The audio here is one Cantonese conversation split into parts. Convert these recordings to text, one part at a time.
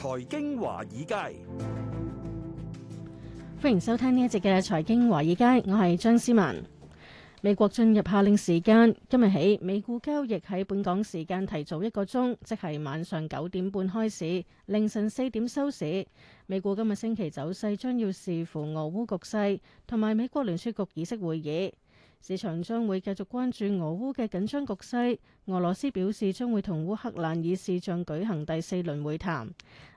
財經華爾街，歡迎收聽呢一節嘅財經華爾街，我係張思文。美國進入夏令時間，今日起美股交易喺本港時間提早一個鐘，即係晚上九點半開始。凌晨四點收市。美股今日星期走勢將要視乎俄烏局勢同埋美國聯儲局議息會議。市場將會繼續關注俄烏嘅緊張局勢。俄羅斯表示將會同烏克蘭以視像舉行第四輪會談。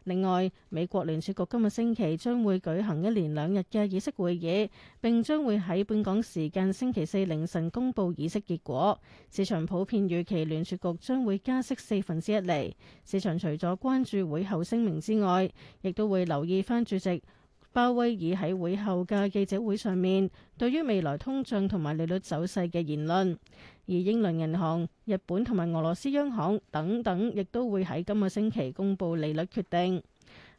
另外，美國聯儲局今個星期將會舉行一連兩日嘅議息會議，並將會喺本港時間星期四凌晨公布議息結果。市場普遍預期聯儲局將會加息四分之一厘。市場除咗關注會後聲明之外，亦都會留意返主席。鮑威爾喺會後嘅記者會上面，對於未來通脹同埋利率走勢嘅言論，而英倫銀行、日本同埋俄羅斯央行等等，亦都會喺今個星期公布利率決定。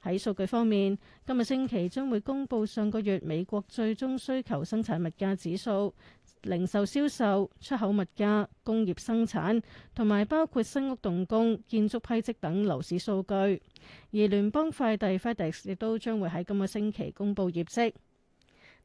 喺數據方面，今個星期將會公布上個月美國最終需求生產物價指數、零售銷售、出口物價、工業生產同埋包括新屋動工、建築批積等樓市數據。而聯邦快遞 FedEx 亦都將會喺今個星期公布業績。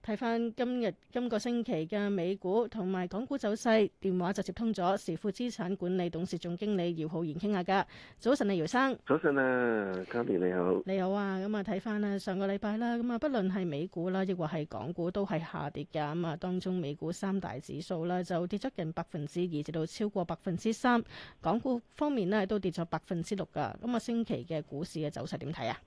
睇翻今日今個星期嘅美股同埋港股走勢，電話就接通咗時富資產管理董事總經理姚浩然傾下㗎。早晨啊，姚生。早晨啊，嘉莉你好。你好啊，咁啊睇翻啊上個禮拜啦，咁啊不論係美股啦，亦或係港股都係下跌嘅。咁啊當中美股三大指數啦就跌咗近百分之二，至到超過百分之三。港股方面呢，都跌咗百分之六㗎。咁啊星期嘅股市嘅走勢點睇啊？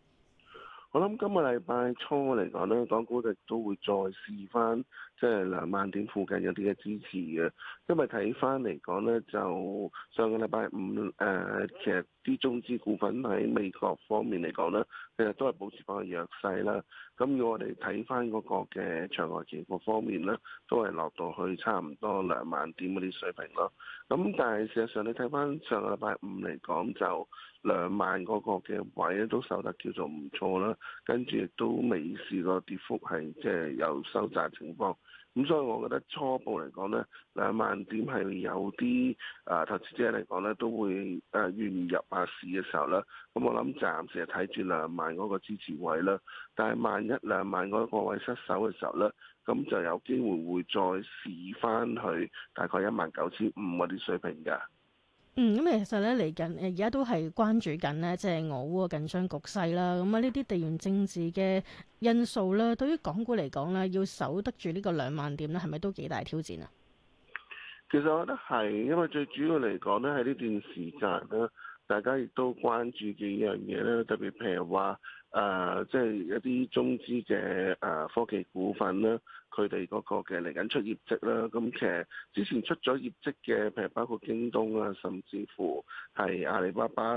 我諗今個禮拜初嚟講咧，港股就都會再試翻，即係兩萬點附近有啲嘅支持嘅。因為睇翻嚟講咧，就上個禮拜五誒、呃，其實，啲中資股份喺美國方面嚟講呢，其實都係保持翻個弱勢啦。咁如果我哋睇翻嗰個嘅場外指數方面呢，都係落到去差唔多兩萬點嗰啲水平咯。咁但係事實上你睇翻上個禮拜五嚟講，就兩萬嗰個嘅位都守得叫做唔錯啦。跟住亦都未試過跌幅係即係有收窄情況。咁所以，我覺得初步嚟講呢，兩萬點係有啲啊投資者嚟講呢，都會誒願意入下市嘅時候呢。咁我諗暫時係睇住兩萬嗰個支持位啦。但係萬一兩萬嗰個位失守嘅時候呢，咁就有機會會再試翻去大概一萬九千五嗰啲水平㗎。嗯，咁其實咧嚟緊，誒而家都係關注緊咧，即係俄烏緊張局勢啦。咁啊，呢啲地緣政治嘅因素咧，對於港股嚟講咧，要守得住呢個兩萬點咧，係咪都幾大挑戰啊？其實我覺得係，因為最主要嚟講咧，喺呢段時間咧。大家亦都關注幾樣嘢啦，特別譬如話誒，即、呃、係、就是、一啲中資嘅誒、呃、科技股份啦，佢哋嗰個嘅嚟緊出業績啦。咁其實之前出咗業績嘅，譬如包括京東啊，甚至乎係阿里巴巴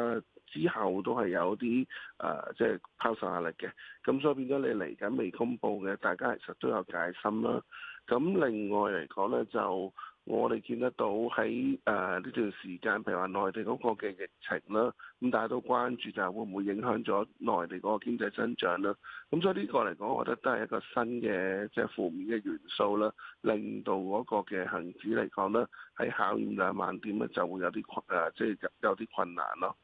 之後都係有啲誒，即、呃、係、就是、拋售壓力嘅。咁所以變咗你嚟緊未公佈嘅，大家其實都有戒心啦。咁另外嚟講咧，就。我哋見得到喺誒呢段時間，譬如話內地嗰個嘅疫情啦，咁大家都關注就係會唔會影響咗內地嗰個經濟增長啦。咁所以呢個嚟講，我覺得都係一個新嘅即係負面嘅元素啦，令到嗰個嘅恆指嚟講呢喺考驗兩萬點呢就會有啲誒，即係有啲困難咯。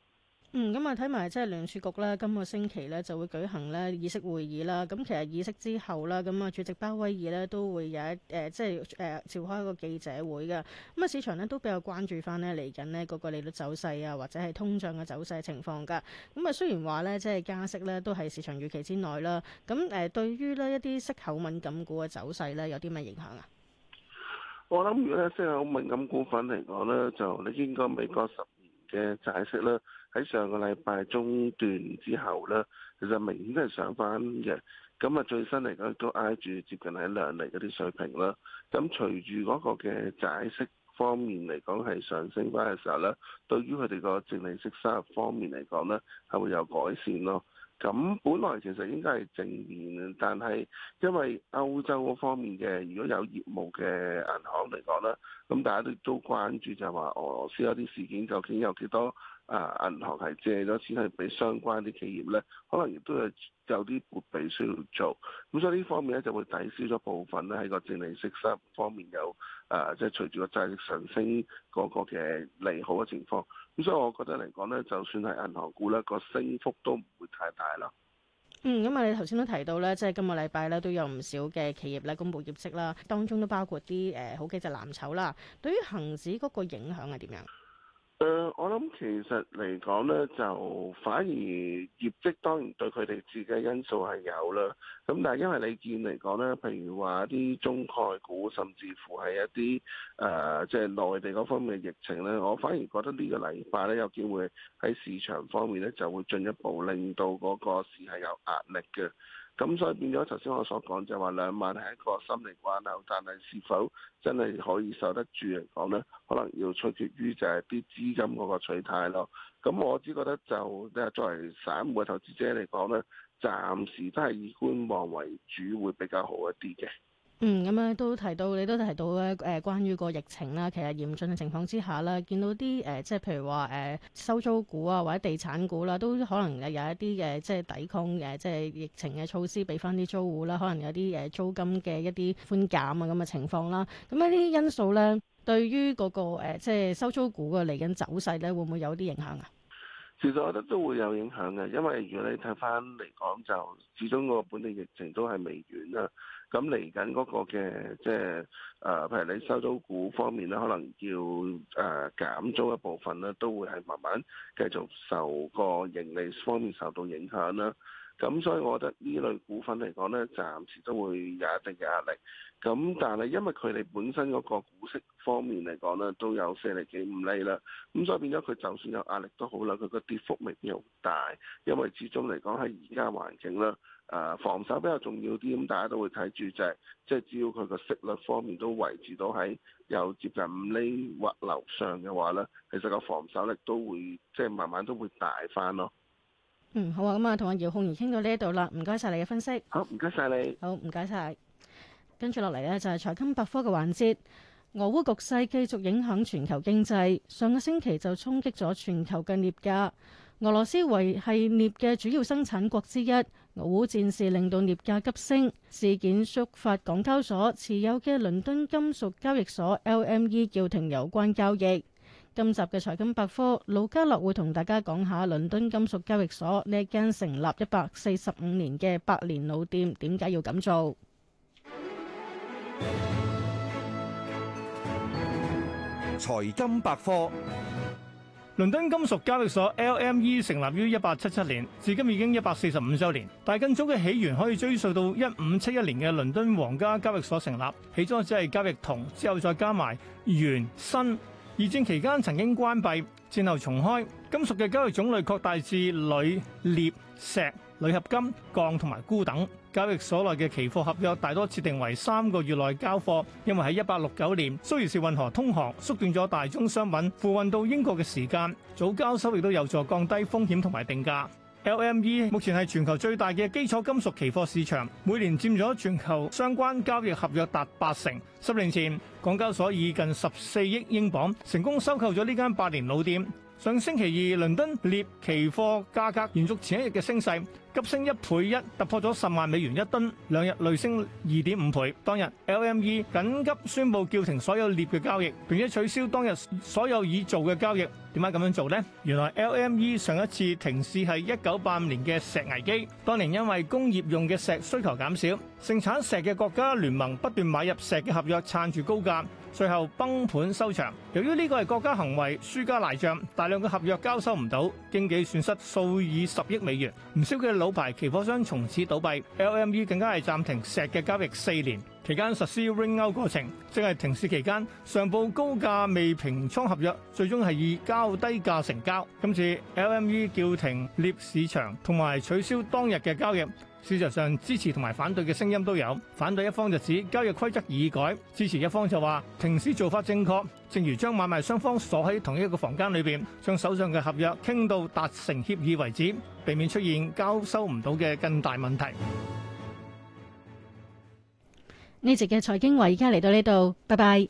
嗯，咁啊，睇埋即係聯儲局啦。今個星期呢，就會舉行呢議息會議啦。咁其實議息之後啦，咁啊，主席鮑威爾呢，都會有一、呃，即係誒召開一個記者會噶。咁啊，市場呢，都比較關注翻呢嚟緊呢嗰個利率走勢啊，或者係通脹嘅走勢情況噶。咁啊，雖然話呢，即係加息呢，都係市場預期之內啦。咁誒，對於呢一啲息口敏感股嘅走勢呢，有啲咩影響啊？我諗，如果咧息口敏感股份嚟講呢，就你應該美國十。嘅債息啦，喺上個禮拜中段之後咧，其實明顯都係上返嘅，咁啊最新嚟講都挨住接近喺兩厘嗰啲水平啦，咁隨住嗰個嘅債息。方面嚟講係上升翻嘅時候咧，對於佢哋個淨利息收入方面嚟講咧，係會有改善咯。咁本來其實應該係正面，但係因為歐洲嗰方面嘅如果有業務嘅銀行嚟講咧，咁大家都都關注就係話俄羅斯有啲事件究竟有幾多？啊！銀行係借咗錢去俾相關啲企業咧，可能亦都係有啲撥備需要做。咁所以呢方面咧，就會抵消咗部分咧喺個淨利息收入方面有啊，即係隨住個債息上升嗰個嘅利好嘅情況。咁所以我覺得嚟講咧，就算係銀行股咧，個升幅都唔會太大啦。嗯，咁啊，你頭先都提到咧，即係今個禮拜咧都有唔少嘅企業咧公佈業績啦，當中都包括啲誒、呃、好幾隻藍籌啦。對於恒指嗰個影響係點樣？誒，uh, 我諗其實嚟講咧，就反而業績當然對佢哋自己因素係有啦。咁但係因為你見嚟講咧，譬如話啲中概股，甚至乎係一啲誒，即係內地嗰方面嘅疫情咧，我反而覺得呢個禮拜咧，有機會喺市場方面咧，就會進一步令到嗰個市係有壓力嘅。咁所以變咗，頭先我所講就係話兩萬係一個心理關口，但係是，是否真係可以受得住嚟講咧，可能要取決於就係啲資金嗰個取態咯。咁我只覺得就誒作為散戶嘅投資者嚟講咧，暫時都係以觀望為主會比較好一啲嘅。嗯，咁樣都提到，你都提到咧，誒、呃，關於個疫情啦，其實嚴峻嘅情況之下啦，見到啲誒，即、呃、係譬如話誒、呃，收租股啊，或者地產股啦、啊，都可能有一啲嘅、呃，即係抵抗嘅，即係疫情嘅措施，俾翻啲租戶啦、啊，可能有啲誒、呃、租金嘅一啲寬減啊咁嘅情況啦、啊。咁樣呢啲因素咧，對於嗰、那個、呃、即係收租股嘅嚟緊走勢咧，會唔會有啲影響啊？其實我覺得都會有影響嘅，因為如果你睇翻嚟講，就始終個本地疫情都係未完啦。咁嚟緊嗰個嘅即係誒，就是呃，譬如你收租股方面咧，可能要誒、呃、減租一部分咧，都會係慢慢繼續受個盈利方面受到影響啦。咁所以，我覺得呢類股份嚟講呢，暫時都會有一定嘅壓力。咁但係因為佢哋本身嗰個股息方面嚟講呢，都有四厘幾五厘啦。咁所以變咗佢，就算有壓力都好啦。佢個跌幅未必好大，因為始終嚟講喺而家環境咧，誒、啊、防守比較重要啲。咁大家都會睇住、就係，就係即係只要佢個息率方面都維持到喺有接近五厘或樓上嘅話呢，其實個防守力都會即係、就係、慢慢都會大翻咯。嗯，好啊，咁啊，同阿姚控怡傾到呢一度啦，唔該晒你嘅分析。好，唔該晒你。好，唔該晒。跟住落嚟呢，就係財經百科嘅環節。俄烏局勢繼續影響全球經濟，上個星期就衝擊咗全球嘅鎳價。俄羅斯為係鎳嘅主要生產國之一，俄烏戰事令到鎳價急升。事件觸發港交所持有嘅倫敦金屬交易所 LME 叫停有關交易。今集嘅財金百科，盧嘉樂會同大家講下倫敦金屬交易所呢間成立一百四十五年嘅百年老店，點解要咁做？財金百科，倫敦金屬交易所 LME 成立於一八七七年，至今已經一百四十五週年。但更早嘅起源可以追溯到一五七一年嘅倫敦皇家交易所成立，起初只係交易銅，之後再加埋原新。二戰期間曾經關閉，戰後重開。金屬嘅交易種類擴大至鋁、鎳、錫、鋁合金、鋼同埋鈷等。交易所內嘅期貨合約大多設定為三個月內交貨，因為喺一八六九年，蘇伊士運河通航，縮短咗大宗商品付運到英國嘅時間。早交收亦都有助降低風險同埋定價。LME 目前係全球最大嘅基礎金屬期貨市場，每年佔咗全球相關交易合約達八成。十年前，港交所以近十四億英鎊成功收購咗呢間百年老店。上星期二，倫敦鎳期貨價格延續前一日嘅升勢。急升一倍一，突破咗十萬美元一噸，兩日累升二點五倍。當日 LME 緊急宣布叫停所有鎳嘅交易，並且取消當日所有已做嘅交易。點解咁樣做咧？原來 LME 上一次停市係一九八五年嘅錫危機。當年因為工業用嘅錫需求減少，盛產錫嘅國家聯盟不斷買入錫嘅合約撐住高價，最後崩盤收場。由於呢個係國家行為，輸家賴賬，大量嘅合約交收唔到，經濟損失數以十億美元。唔少嘅。老牌期貨商從此倒閉，LME 更加係暫停石嘅交易四年，期間實施 ring out 過程。正係停市期間，上報高價未平倉合約，最終係以較低價成交。今次 LME 叫停列市場，同埋取消當日嘅交易。事實上，支持同埋反對嘅聲音都有。反對一方就指交易規則已改，支持一方就話停止做法正確，正如將買賣雙方鎖喺同一個房間裏邊，將手上嘅合約傾到達成協議為止，避免出現交收唔到嘅更大問題。呢集嘅財經華，而家嚟到呢度，拜拜。